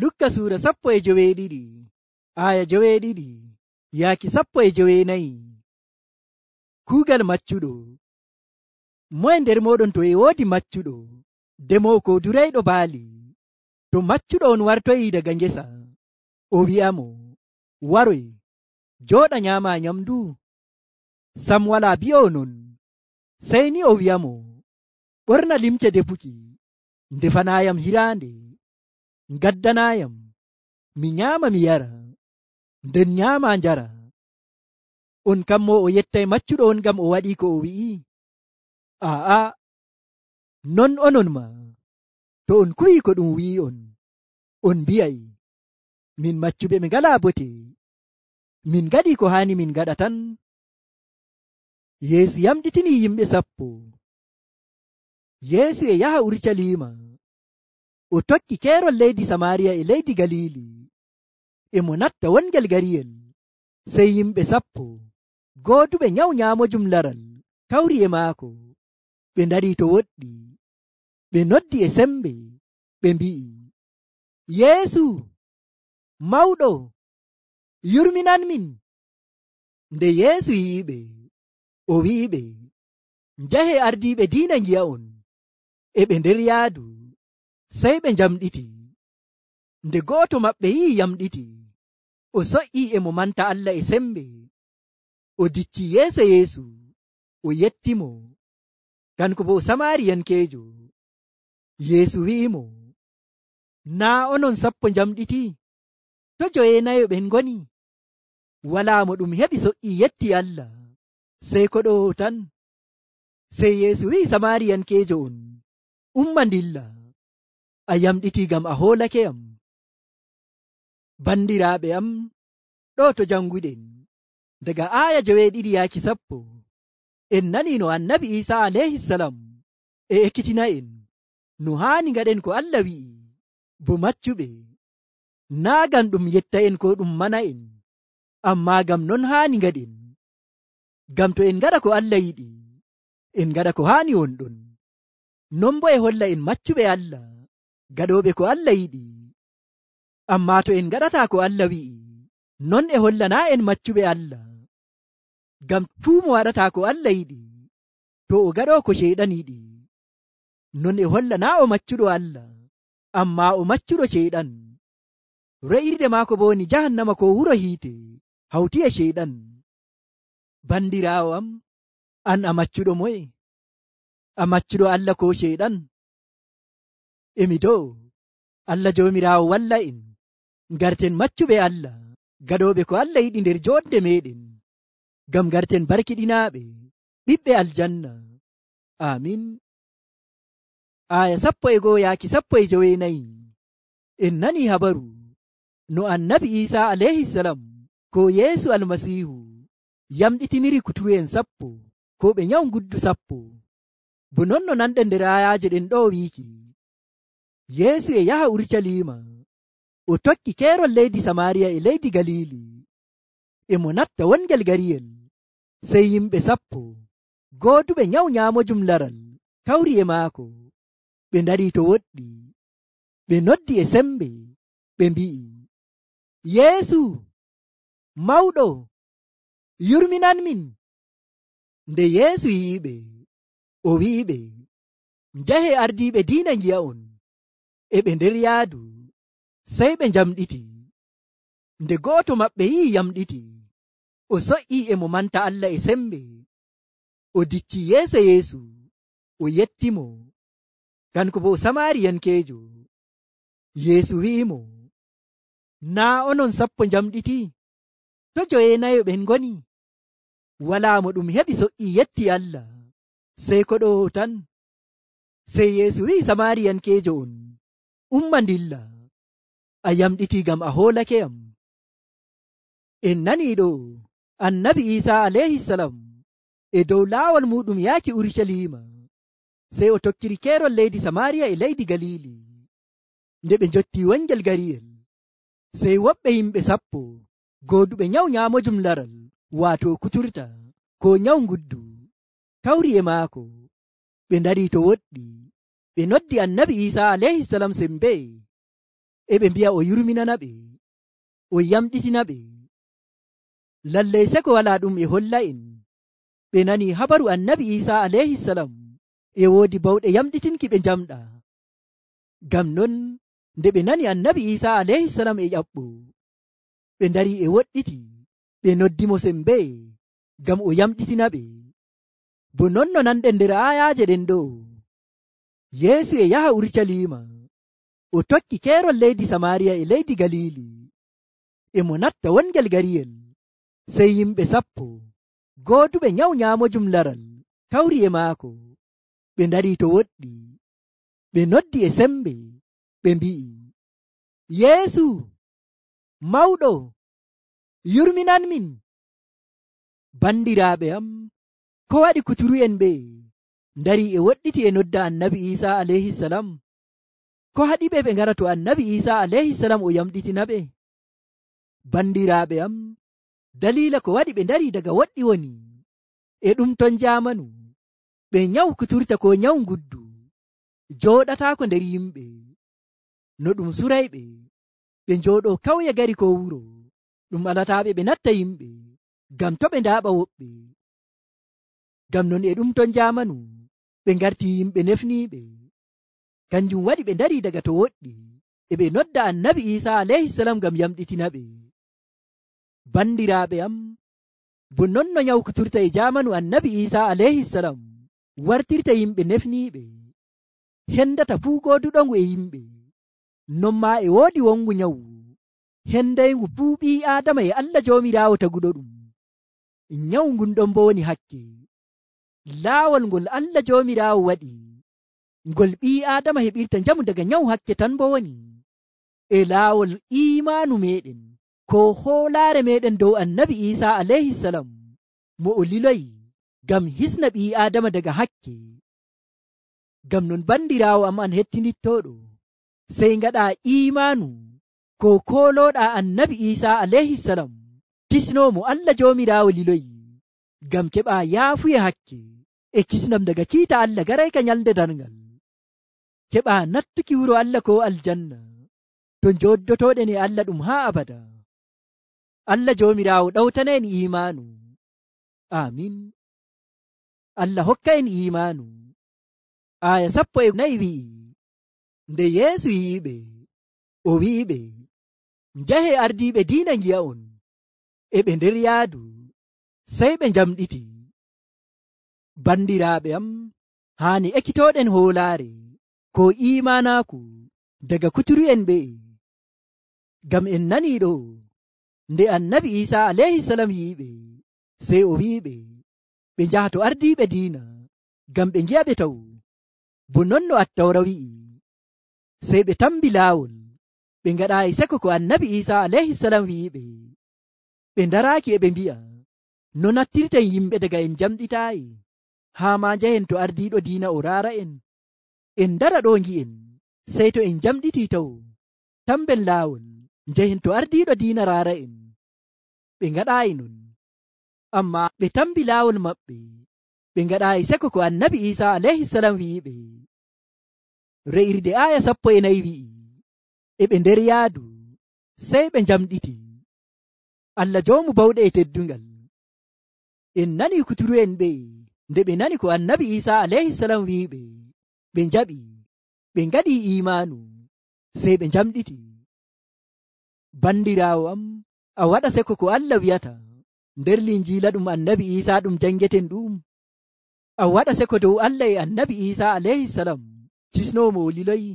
lukka suura sappo e joweeɗiɗi aya joweeɗiɗi yaaki sappo e joweenayi kuugal maccuɗo moye nder moɗon to e woodi maccuɗo demowo ko durayɗo baali to maccuɗo on wartoyi daga ngesa o wi'amo waroy joɗa nyaama nyamdu sam wala bi'o non sey ni o wi'amo ɓorna limce defuki ndefanayam hiraande gaddanayam mi nyama mi yara nden nyama jara on kammo o yettai maccuɗo on gam o waɗi ko o wi'i aa non onon ma to on kuwi ko ɗum wi'i on on mbiyayi min maccuɓe mi ngala bote min gaɗi ko hani min gaɗa tan yeesu yamɗitini yimɓe sappo yeesu e yaha urcalima o tokki keerol leydi samariya e leydi galili e mo natta wongel gariyel sey yimɓe sappo gooduɓe nyaw nyaamojum laral kawri e maako ɓe ndari to woɗɗi ɓe noddi e sembe ɓe mbi'i yeesu mawɗo yurminan min nde yeesu yi'iɓe o wi'iɓe njahe ardiiɓe diina ngiya on e ɓe nder yaadu sey ɓe njamɗiti nde gooto maɓɓe yi'i yamɗiti o so'i e mo manta allah e sembe o dicci yeeso yeesu o yettimo kanko bo o samari yankeejo yeesu wi'imo naa onon sappo njamɗiti to joyenayo ɓen ngoni walaa mo ɗum heɓi so'i yetti allah sey koɗo tan sey yeesu wi'i samari yankeejo on umma ndilla a yamɗiti gam a hoolake am bandiraaɓe am ɗo to janguɗen daga aya joweeɗiɗi yaaki sappo en nanino annabi isa alayhisalam e ekkitina en no haani gaɗen ko allah wi'i bo maccuɓe naa gam ɗum yetta en ko ɗum mana en amma gam non haani gaɗen gam to en gaɗa ko allah yiɗi en gaɗa ko haani wonɗon non bo e holla en maccuɓe allah gaɗoɓe ko allah yiɗi amma to en gaɗata ko allah wi'i non e hollana en maccuɓe allah gam tuumo waɗata ko allah yiɗi to o gaɗo ko ceyɗan yiɗi non e hollana o maccuɗo allah amma o maccuɗo ceyɗan re'irde maako boni jahannama ko wuro hiite hawti e ceyɗan bandirawo am an a maccuɗo moye a maccuɗo allah ko ceyɗan emi do allah jomirawo walla en garten maccuɓe allah gaɗoɓe ko allah yiɗi nder joɗde meɗen gam garten barkiɗinaɓe ɓiɓɓe aljanna amin aya sappo e goo yaaki sappo e joweenayi en nani habaru no annabi isa alayhisalam ko yeesu almasihu yamɗitiniri kuturu'en sappo ko ɓe nyawu guddu sappo bo non no nanɗe nder ayaje ɗen ɗo wiiki yeesu e yaha urusalima o tokki keerol leydi samariya e leydi galili emo natta wongel gariyel sey yimɓe sappo gooduɓe nyaw nyaamojum laral kawri e maako ɓe ndari to woɗɗi ɓe noddi e sembe ɓe mbi'i yeesu mawɗo yurminan min nde yeesu yi'iɓe o wi'iɓe njahe ardiiɓe diina ngiya on eɓe nder yaadu sey ɓe njamɗiti nde gooto maɓɓe yi'i yamɗiti o so'i e mo manta allah e sembe o dicci yeeso yeesu o yettimo kanko bo o samariyankeejo yeesu wi'imo naa onon sappo njamɗiti to joyenayo ɓen ngoni walaamo ɗum heɓi so'i yetti allah sey koɗo tan sey yeesu wi'i samariyankeejo on ummandilla a yamɗiti gam a hoolake yam en naniɗo annabi isa alayhisalam e dow laawol muɗum yaaki urushalima sey o tokkiri keerol leydi samariya e leydi galili nde ɓe jotti wanjal gariyel sey woɓɓe yimɓe sappo gooduɓe nyaw nyaamojum laral waato kuturta ko nyaw nguddu kawri e maako ɓe ndari to woɗɗi ɓe noddi annabi isa alayhisalam sembe eɓe mbiya o yurminana ɓe o yamɗitina ɓe lallay seko wala ɗum e holla en ɓe nani habaru annabi isa alayhisalam e woodi bawɗe yamɗitinki ɓe njamɗa ngam non nde ɓe nani annabi isa alayhisalam e ƴaɓɓo ɓe ndari e woɗɗiti ɓe noddimo sembe ngam o yamɗitina ɓe bo non no nanɗe nder ayaje ɗen ɗo yeesu e yaha urusalima o tokki keerol leydi samariya e leydi galili emo natta wongel gariyel sey yimɓe sappo gooduɓe nyaw nyaamojum laral kawri e maako ɓe ndari to woɗɗi ɓe noddi e sembe ɓe mbi'i yeesu mawɗo yurminan min bandiraaɓe am ko waɗi kuturu'en ɓe ndari e woɗɗiti e nodda annabi isa alayhi salam ko haɗi ɓe ɓe ngara to annabi isa alayhi salam o yamɗitina ɓe banndiraaɓe am dalila ko waɗi ɓe ndari daga woɗɗi woni e ɗum ton jamanu ɓe nyawu kuturta ko nyawu nguddu joɗatako nder yimɓe no ɗum surayɓe ɓe njoɗo kawya gari ko wuro ɗum alataɓe ɓe natta yimɓe gam to ɓe ndaɓa woɓɓe gam non e ɗum ton jamanu ɓe garti yimɓe nefniiɓe kanjum waɗi ɓe ndari daga to woɗɗi e ɓe nodda annabi isa alayhisalam ngam yamɗitinaɓe bandiraaɓe am bo nonno nyawkuturta e jamanu annabi isa alayhisalam wartirta yimɓe nefniiɓe hendata puukooduɗongu e yimɓe nonma e wooɗi wongu nyawu hendaygu puuɓii aadama e allah joomiraawo taguɗo ɗum nyawu ngun ɗon bo woni hakke laawol ngol allah joomiraawo waɗi ngol ɓii aadama heɓirta njamu daga nyawu hakke tan bo woni e laawol iimaanu meɗen ko hoolaare meɗen dow annabi iisaa aleyhisalam mo o liloyi ngam hisna ɓii aadama daga hakke ngam non banndiraawo am an hettinittooɗo sey ngaɗa iimaanu ko kolooɗa annabi iisaa aleyhisalam kisnoomo allah joomiraawo liloyi ngam keɓa yaafuye hakke ekkisinam daga kiita allah garay ka nyalde dargal keɓa nattuki wuro allah ko aljanna to joddotoɗen e allah ɗum haa abada allah jomirawo ɗawtana'en imanu amin allah hokka en imanu aya sappo e nayi wi'i nde yeesu yiiɓe o wi'iɓe njahe ardiɓe diina ngiya on e ɓe nder yaadu sey ɓe njamɗiti bandiraaɓe am haani ekkitooɗen hoolaare ko iimaanaaku daga kuturu'en ɓe'e ngam en naniiɗo nde annabi iisaa aleyhisalam yiiɓe sey o wi'iɓe ɓe njaha to ardiiɓe diina ngam ɓe ngi'aɓe taw bo non no attawra wi'i sey ɓe tambi laawol ɓe ngaɗa e sako ko annabi iisaa aleyhisalam wi'iɓe ɓe ndaraaki e ɓe mbi'a no nattirten yimɓe daga en jamɗitaayi haa ma njahen to ardiiɗo diina o raara en en dara ɗo ngi'en sey to en jamɗiti taw tamben laawol njahen to ardiiɗo diina raara en ɓe ngaɗaayi non amma ɓe tambi laawol maɓɓe ɓe ngaɗaayi sekko ko annabi iisaa alayhissalam wi'iɓe re'irde aaya sappo e nayi wi'i eɓe nder yaadu sey ɓe jamɗiti allah jowmu bawɗe e teddungal en nani kuturu'en ɓe nde ɓe nani ko annabi isa alayhisalam wiɓe ɓe jaɓi ɓe gaɗi imanu sei ɓe jamɗiti bandirawo am a waɗa sekko ko allah wiyata nder linjila ɗum annabi isa ɗum jangeten ɗum a waɗa sekko dow allah e annabi isa alayhisalam jisnomo lilayi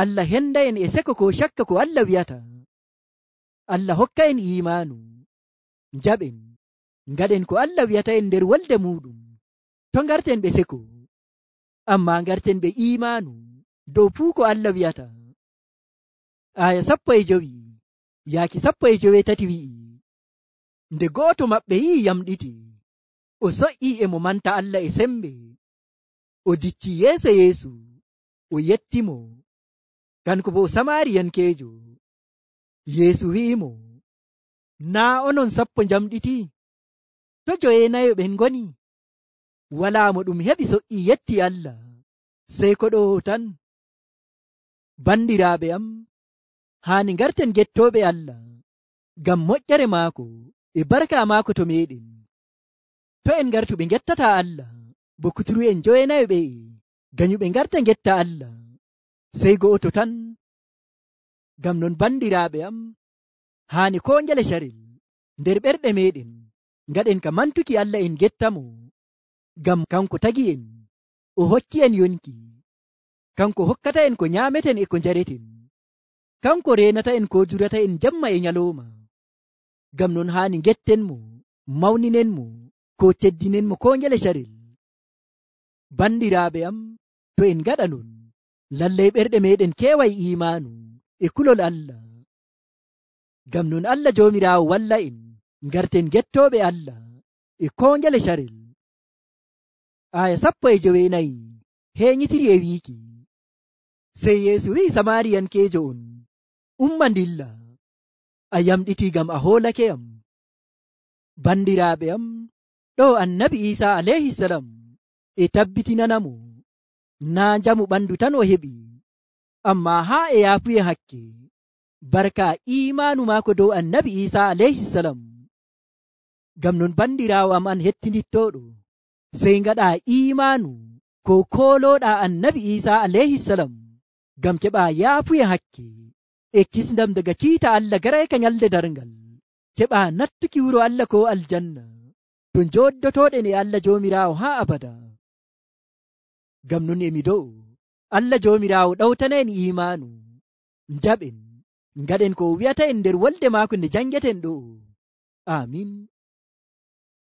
allah henda en e sekko ko shakka ko allah wiyata allah hokka en imanu jaɓen ngaɗen ko allah wiyata en nder walde muɗum to garten ɓe seko amma garten ɓe imanu dow fuu ko allah wiyata aya sappo e jowi yaaki sappo e jowe tati wi'i nde gooto maɓɓe yi'i yamɗiti o so'i e mo manta allah e sembe o dicci yeeso yeesu o yettimo kanko bo o samariyankeejo yeesu wi'imo naa onon sappo jamɗiti to joyenayo ɓen ngoni wala mo ɗum heɓi soƴƴi yetti allah sei ko ɗo tan bandiraɓe am hani garten gettoɓe allah ngam moƴƴere maako e barka maako to meɗen to en gartuɓe gettata allah bokkuturu en joyenayo ɓe gañuɓe garta getta allah sei go'o to tan ngam non bandiraɓe am hani ko njale sharel nder ɓerɗe meɗen ngaɗen ka mantuki allah en gettamo gam kanko tagi en o hokki en yonki kanko hokkata en ko nyaameten e ko njareten kanko renata en ko durata en jamma e nyalowma gam non haani getten mo mawninen mo ko teddinen mo ko ngele sarel banɗiraaɓe am to en ngaɗa non lallay ɓerɗe meɗen keewa e imanu e kulol allah gam non allah jomirawo walla en garten gettoɓe allah e kongele sarel aya sappo e jowe nayi heñitiri e wiiki sey yeesu wi'i samariyan keejo on umma ndilla a yamɗiti gam a hoolake am bandiraaɓe am ɗo annabi isa alayhi salam e tabbitinanamo naa jamu ɓandu tan o heɓi amma haa e yaafuye hakke barka imanu maako dow annabi isa alayhi salam gam non bandirawo am an hettinittoɗo sey gaɗa imanu ko koloɗa annabi isa alayhi salam gam keɓa yaafuye hakke e kisdam daga kiita allah garayka yalde dargal keɓa nattuki wuro allah ko aljanna to joddotoɗen e allah jomirawo ha abada gam non emi dow allah jomirawo ɗawtanaen imanu jaɓen gaɗen ko wi'ata en nder wolde maako nde jangeten ɗo amin